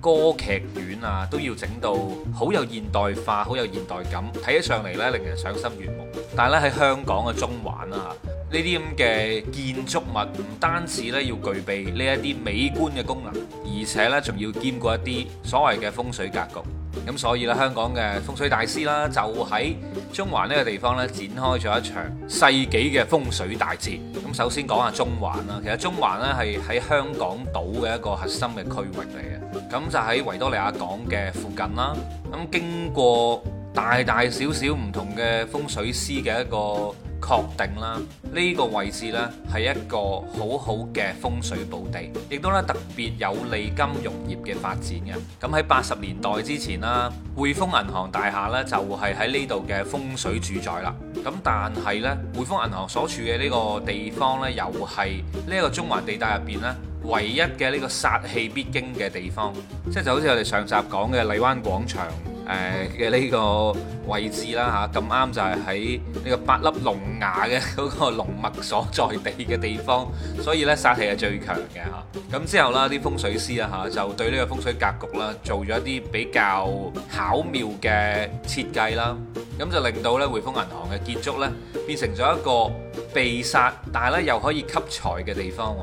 歌劇院啊，都要整到好有現代化、好有現代感，睇起上嚟呢，令人賞心悅目。但係咧，喺香港嘅中環啊，呢啲咁嘅建築物唔單止呢要具備呢一啲美觀嘅功能，而且呢仲要兼顧一啲所謂嘅風水格局。咁所以咧，香港嘅風水大師啦，就喺中環呢個地方呢，展開咗一場世紀嘅風水大戰。咁首先講下中環啦，其實中環呢係喺香港島嘅一個核心嘅區域嚟嘅，咁就喺維多利亞港嘅附近啦。咁經過大大小小唔同嘅風水師嘅一個。確定啦，呢、這個位置呢係一個好好嘅風水寶地，亦都咧特別有利金融業嘅發展嘅。咁喺八十年代之前啦，匯豐銀行大廈呢就係喺呢度嘅風水住宅啦。咁但係呢，匯豐銀行所處嘅呢個地方呢，又係呢一個中環地帶入邊呢唯一嘅呢個煞氣必經嘅地方，即係就好似我哋上集講嘅荔灣廣場。誒嘅呢個位置啦嚇，咁啱就係喺呢個八粒龍牙嘅嗰個龍脈所在地嘅地方，所以呢，煞氣係最強嘅嚇。咁之後啦，啲風水師呀嚇，就對呢個風水格局啦，做咗一啲比較巧妙嘅設計啦。咁就令到咧匯豐銀行嘅建築咧變成咗一個避煞，但係咧又可以吸財嘅地方。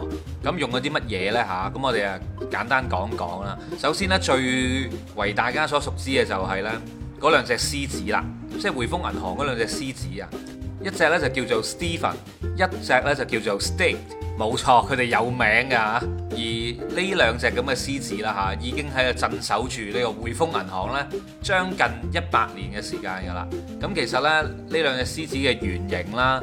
咁用咗啲乜嘢咧嚇？咁我哋啊簡單講講啦。首先咧最為大家所熟知嘅就係咧嗰兩隻獅子啦，即係匯豐銀行嗰兩隻獅子啊，一隻咧就叫做 Stephen，一隻咧就叫做 Steve。冇錯，佢哋有名嘅，而呢兩隻咁嘅獅子啦嚇，已經喺度鎮守住呢個匯豐銀行咧，將近一百年嘅時間噶啦。咁其實咧，呢兩隻獅子嘅原型啦，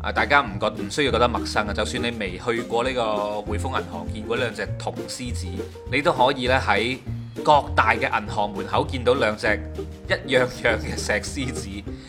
啊大家唔覺唔需要覺得陌生嘅，就算你未去過呢個匯豐銀行見過呢兩隻銅獅子，你都可以咧喺各大嘅銀行門口見到兩隻一樣樣嘅石獅子。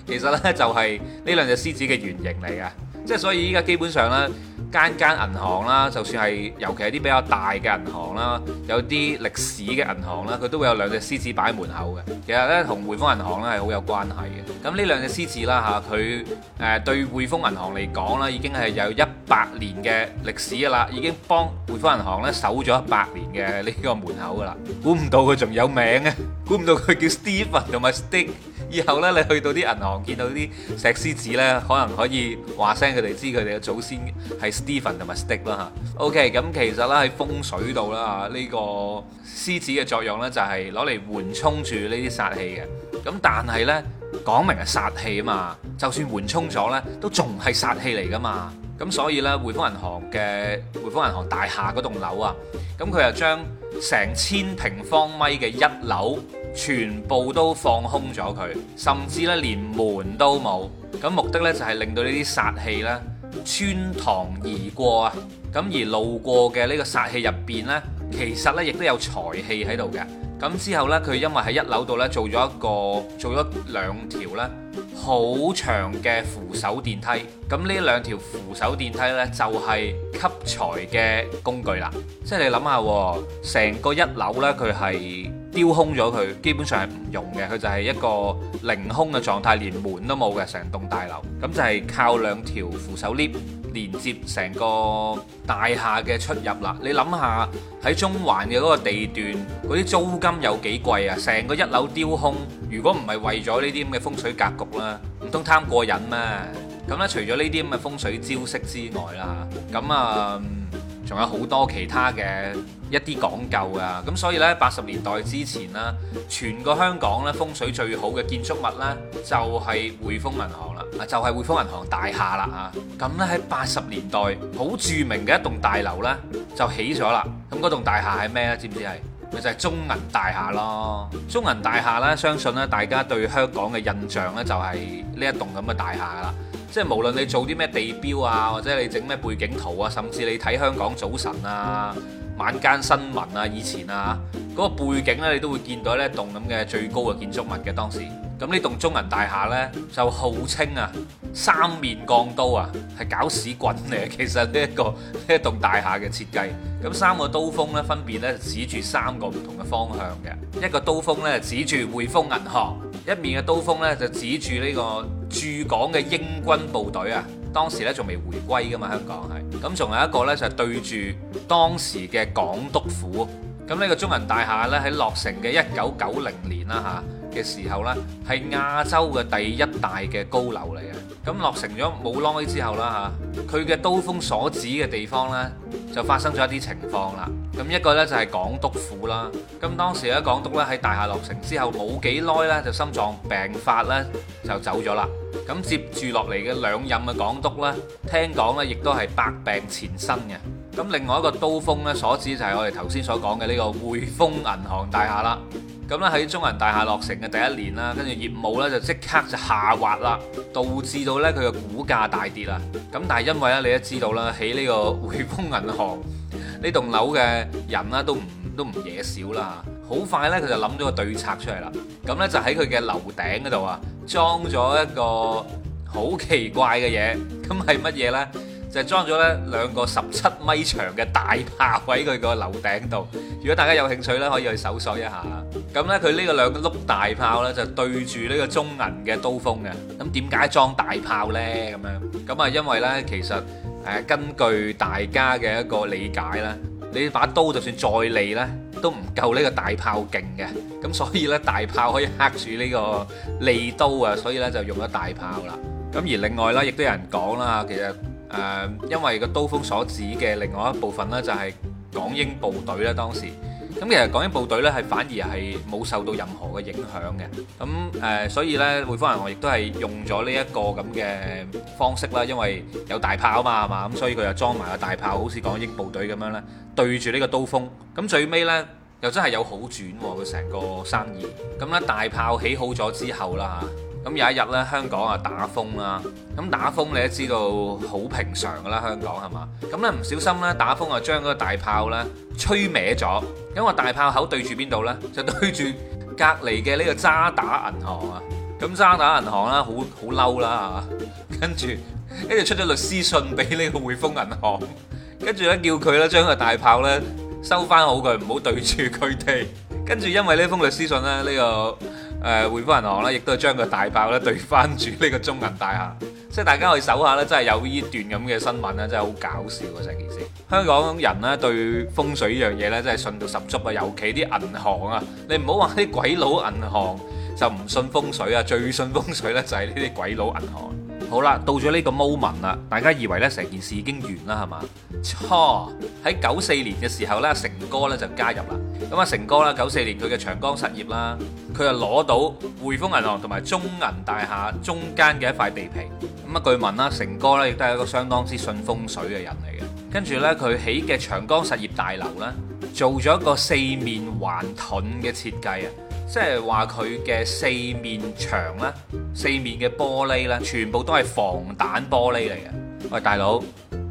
其實咧就係呢兩隻獅子嘅原型嚟嘅。即係所以依家基本上咧，間間銀行啦，就算係尤其係啲比較大嘅銀行啦，有啲歷史嘅銀行啦，佢都會有兩隻獅子擺喺門口嘅。其實咧，同匯豐銀行咧係好有關係嘅。咁呢兩隻獅子啦嚇，佢誒對匯豐銀行嚟講啦，已經係有一百年嘅歷史㗎啦，已經幫匯豐銀行咧守咗一百年嘅呢個門口㗎啦。估唔到佢仲有名啊！估唔到佢叫 Stephen 同埋 Stitt。以後咧，你去到啲銀行見到啲石獅子咧，可能可以話聲佢哋知佢哋嘅祖先係 Stephen 同埋 Stick 啦，吓 OK，咁其實咧喺風水度啦，呢個獅子嘅作用咧就係攞嚟緩衝住呢啲煞氣嘅。咁但係咧講明係煞氣啊嘛，就算緩衝咗咧，都仲係煞氣嚟噶嘛。咁所以咧，匯豐銀行嘅匯豐銀行大廈嗰棟樓啊，咁佢又將成千平方米嘅一樓。全部都放空咗佢，甚至咧連門都冇。咁目的咧就係令到呢啲煞氣咧穿堂而過啊。咁而路過嘅呢個煞氣入邊咧，其實咧亦都有財氣喺度嘅。咁之後咧，佢因為喺一樓度咧做咗一個做咗兩條咧好長嘅扶手電梯。咁呢兩條扶手電梯咧就係吸財嘅工具啦。即係你諗下，成個一樓咧佢係。丟空咗佢，基本上係唔用嘅，佢就係一個凌空嘅狀態，連門都冇嘅成棟大樓，咁就係靠兩條扶手 lift 連接成個大廈嘅出入啦。你諗下喺中環嘅嗰個地段，嗰啲租金有幾貴啊？成個一樓丟空，如果唔係為咗呢啲咁嘅風水格局啦，唔通貪過癮咩？咁咧，除咗呢啲咁嘅風水招式之外啦，嚇，咁啊～仲有好多其他嘅一啲講究啊，咁所以呢，八十年代之前啦，全個香港呢風水最好嘅建築物呢就係匯豐銀行啦，就係匯豐銀行大廈啦啊！咁呢，喺八十年代好著名嘅一棟大樓呢，就起咗啦，咁嗰棟大廈係咩呢？知唔知係？咪就係中銀大廈咯，中銀大廈咧，相信咧大家對香港嘅印象咧就係呢一棟咁嘅大廈啦，即係無論你做啲咩地標啊，或者你整咩背景圖啊，甚至你睇香港早晨啊、晚間新聞啊、以前啊。嗰個背景咧，你都會見到呢棟咁嘅最高嘅建築物嘅當時。咁呢棟中銀大廈呢，就號稱啊三面鋼刀啊，係搞屎棍嚟嘅。其實呢、這個、一個呢棟大廈嘅設計，咁三個刀鋒呢分別呢，指住三個唔同嘅方向嘅。一個刀鋒呢，指住匯豐銀行，一面嘅刀鋒呢，就指住呢個駐港嘅英軍部隊啊。當時呢，仲未回歸噶嘛，香港係。咁仲有一個呢，就係、是、對住當時嘅港督府。咁呢個中銀大廈咧，喺落成嘅一九九零年啦嚇嘅時候咧，係亞洲嘅第一大嘅高樓嚟嘅。咁落成咗冇耐之後啦嚇，佢嘅刀鋒所指嘅地方咧，就發生咗一啲情況啦。咁一個咧就係港督府啦。咁當時咧，港督咧，喺大廈落成之後冇幾耐咧，就心臟病發咧，就走咗啦。咁接住落嚟嘅兩任嘅港督咧，聽講咧亦都係百病纏身嘅。咁另外一個刀鋒咧，所指就係我哋頭先所講嘅呢個匯豐銀行大廈啦。咁咧喺中銀大廈落成嘅第一年啦，跟住業務咧就即刻就下滑啦，導致到咧佢嘅股價大跌啦。咁但係因為咧，你都知道啦，喺呢個匯豐銀行呢棟樓嘅人啦，都唔都唔嘢少啦。好快咧，佢就諗咗個對策出嚟啦。咁咧就喺佢嘅樓頂嗰度啊，裝咗一個好奇怪嘅嘢。咁係乜嘢呢？就裝咗咧兩個十七米長嘅大炮喺佢個樓頂度。如果大家有興趣咧，可以去搜索一下。咁咧，佢呢個兩個碌大炮咧就對住呢個中銀嘅刀鋒嘅。咁點解裝大炮咧？咁樣咁啊，因為咧其實誒根據大家嘅一個理解啦，你把刀就算再利咧，都唔夠呢個大炮勁嘅。咁所以咧大炮可以克住呢個利刀啊，所以咧就用咗大炮啦。咁而另外啦，亦都有人講啦，其實。誒，因為個刀鋒所指嘅另外一部分呢，就係港英部隊啦，當時。咁其實港英部隊呢，係反而係冇受到任何嘅影響嘅。咁誒，所以呢，匯豐銀行亦都係用咗呢一個咁嘅方式啦，因為有大炮啊嘛，係嘛，咁，所以佢又裝埋個大炮，好似港英部隊咁樣咧，對住呢個刀鋒。咁最尾呢，又真係有好轉喎，佢成個生意。咁呢大炮起好咗之後啦。咁有一日咧，香港啊打風啦，咁打風你都知道好平常噶啦，香港係嘛？咁咧唔小心咧，打風啊，將個大炮咧吹歪咗，因為大炮口對住邊度咧，就對住隔離嘅呢個渣打銀行啊。咁渣打銀行咧，好好嬲啦，跟住跟住出咗律師信俾呢個匯豐銀行，跟住咧叫佢咧將個大炮咧收翻好佢，唔好對住佢哋。跟住，因為呢封律師信咧，呢個誒匯豐銀行咧，亦都係將個大炮咧，對翻住呢個中銀大廈，即係大家可以搜下咧，真係有呢段咁嘅新聞咧，真係好搞笑嘅成件事。香港人咧對風水呢樣嘢咧，真係信到十足啊！尤其啲銀行啊，你唔好話啲鬼佬銀行就唔信風水啊，最信風水咧就係呢啲鬼佬銀行。好啦，到咗呢個 moment 啦，大家以為呢成件事已經完啦，係嘛？錯。喺九四年嘅時候呢，成哥呢就加入啦。咁啊，成哥啦，九四年佢嘅長江實業啦，佢就攞到匯豐銀行同埋中銀大廈中間嘅一塊地皮。咁啊，據聞啦，成哥呢亦都係一個相當之信風水嘅人嚟嘅。跟住呢，佢起嘅長江實業大樓呢，做咗一個四面環盾嘅設計啊！即係話佢嘅四面牆呢，四面嘅玻璃呢，全部都係防彈玻璃嚟嘅。喂，大佬，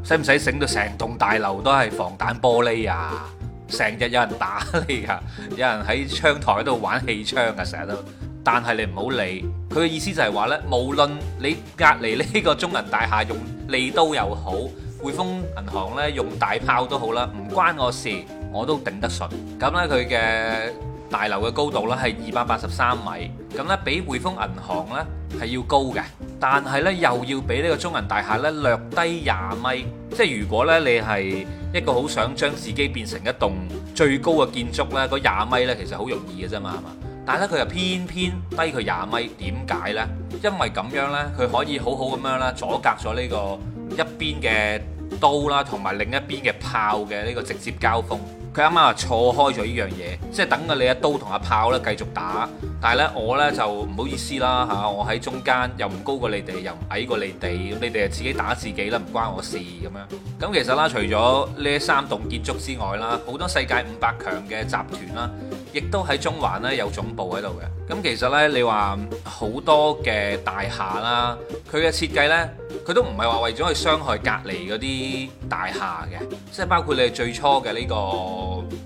使唔使整到成棟大樓都係防彈玻璃啊？成日有人打你啊，有人喺窗台度玩氣槍啊，成日都。但係你唔好理，佢嘅意思就係話呢：無論你隔籬呢個中銀大廈用利刀又好，匯豐銀行呢用大炮都好啦，唔關我事，我都頂得順。咁呢，佢嘅。大樓嘅高度咧係二百八十三米，咁咧比匯豐銀行咧係要高嘅，但係咧又要比呢個中銀大廈咧略低廿米。即係如果咧你係一個好想將自己變成一棟最高嘅建築咧，嗰廿米咧其實好容易嘅啫嘛，係嘛？但係咧佢又偏偏低佢廿米，點解咧？因為咁樣咧，佢可以好好咁樣咧阻隔咗呢個一邊嘅刀啦，同埋另一邊嘅炮嘅呢個直接交鋒。佢啱啱啊錯開咗呢樣嘢，即係等緊你阿刀同阿炮咧繼續打，但係呢，我呢就唔好意思啦嚇，我喺中間又唔高過你哋，又唔矮過你哋，咁你哋啊自己打自己啦，唔關我事咁樣。咁其實啦，除咗呢三棟建築之外啦，好多世界五百強嘅集團啦，亦都喺中環呢有總部喺度嘅。咁其實呢，你話好多嘅大廈啦，佢嘅設計呢。佢都唔係話為咗去傷害隔離嗰啲大廈嘅，即係包括你係最初嘅呢個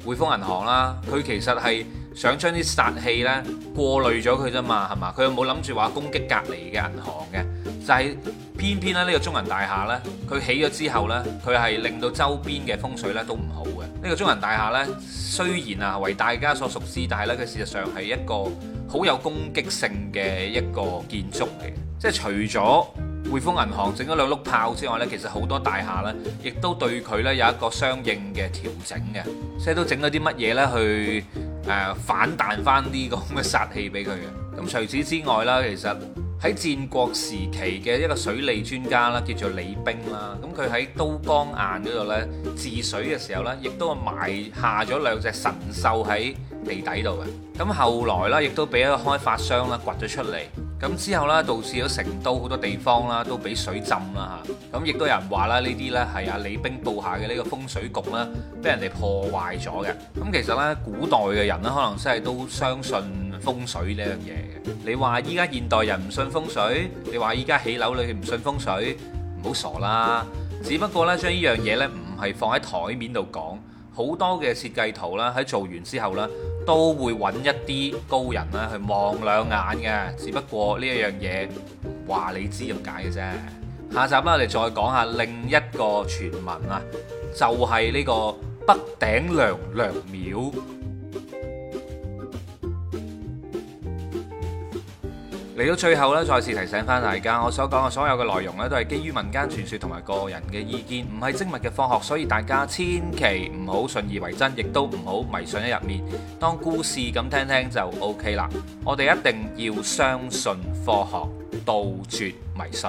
匯豐銀行啦，佢其實係想將啲煞氣呢過濾咗佢啫嘛，係嘛？佢又冇諗住話攻擊隔離嘅銀行嘅，就係偏偏咧呢個中銀大廈呢，佢起咗之後呢，佢係令到周邊嘅風水呢都唔好嘅。呢個中銀大廈呢，雖然啊為大家所熟知，但係呢，佢事實上係一個好有攻擊性嘅一個建築嚟嘅，即係除咗。匯豐銀行整咗兩碌炮之外呢，其實好多大廈呢亦都對佢呢有一個相應嘅調整嘅，即係都整咗啲乜嘢呢去誒反彈翻啲咁嘅殺氣俾佢嘅。咁除此之外啦，其實喺戰國時期嘅一個水利專家啦，叫做李冰啦，咁佢喺都江堰嗰度呢治水嘅時候呢，亦都埋下咗兩隻神獸喺地底度嘅。咁後來啦，亦都俾一個開發商啦掘咗出嚟。咁之後呢，導致咗成都好多地方啦，都俾水浸啦吓。咁亦都有人話啦，呢啲呢係阿李冰布下嘅呢個風水局啦，俾人哋破壞咗嘅。咁其實呢，古代嘅人呢可能真係都相信風水呢樣嘢嘅。你話依家現代人唔信風水，你話依家起樓你唔信風水，唔好傻啦。只不過呢，將呢樣嘢呢唔係放喺台面度講，好多嘅設計圖啦，喺做完之後啦，都會揾一啲高人啦去望兩眼嘅，只不過呢一樣嘢話你知就解嘅啫。下集啦，我哋再講下另一個傳聞啊，就係、是、呢個北頂娘娘廟。嚟到最後咧，再次提醒返大家，我所講嘅所有嘅內容咧，都係基於民間傳說同埋個人嘅意見，唔係精密嘅科學，所以大家千祈唔好信以為真，亦都唔好迷信喺入面，當故事咁聽聽就 OK 啦。我哋一定要相信科學，杜絕迷信。